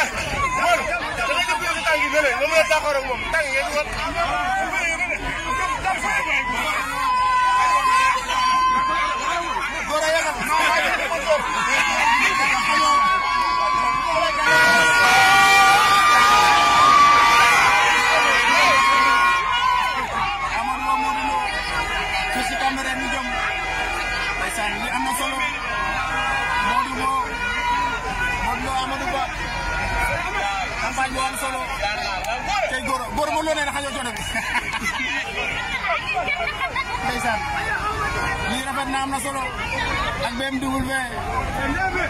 man da nga jël tànk yi nga ne nga mën a taxaw ak moom tànk ngeen di góor mu lóonee na xajoo coono bi ndeysaan lii rafet na am na solo ak BMW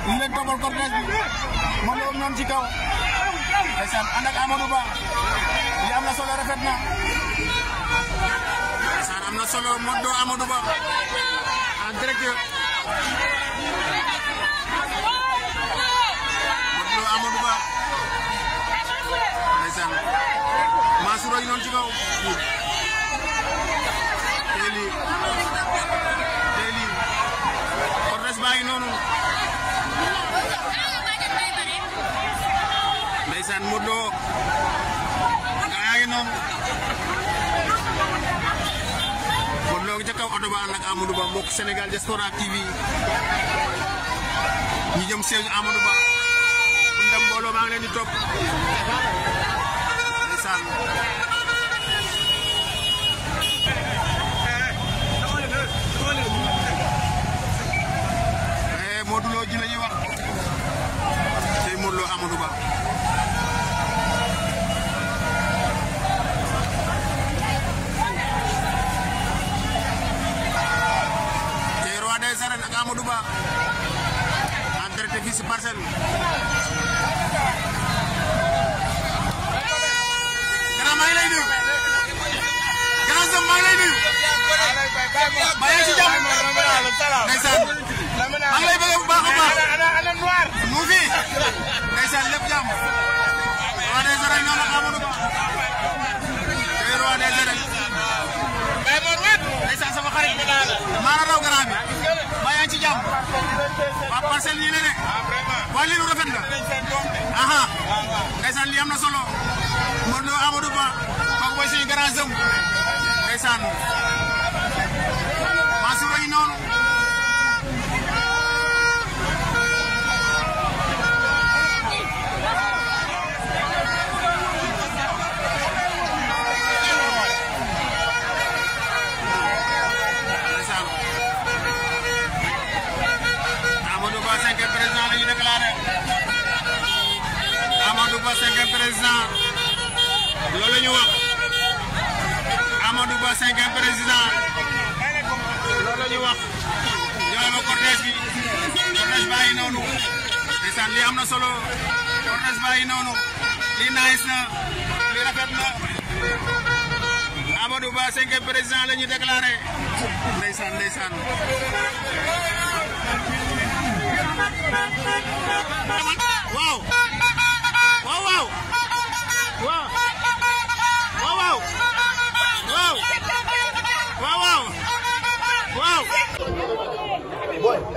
li leen toggal cortège bi moom la noonu ci kaw ndeysaan ànd ak Amadou Ba lii am na solo rafet na ndeysaan am na solo Modou Lo Amadou Ba en direct Modou Lo Amadou Ba ndeysaan ngi noonu ci kaw tey lii tey baa ngi noonu ndeysaan Modou Lo gaa ngi noonu Modou Lo ca kaw oto ba ànd ak Amadou Ba mbokk Sénégal Diaspora TV ñu jëm seen Amadou Ba ndam mbooloo maa leen di topp ndeysaan kamu Ba tey roi des arènes ak Amadou Ba en direct fii si Parcelles gannaaw maa ngi lay nuyu baara raw garaa bi mbaa yaa ngi ci jàmm waa parcelle yi la de ah, waaye lii lu rafet la aha ah, ndeysaan lii na solo Modou Amadou Ba kooku mooy suñu grand zëm ndeysaan Amadou Ba cinquième président loolu la ñu wax Amadou Ba cinquième président loolu la ñu wax ñëwee ba cortège bi cortège baa ngi noonu ndeysaan lii am na solo cortège ngi noonu lii nice Ba cinquième président la ñu déclaré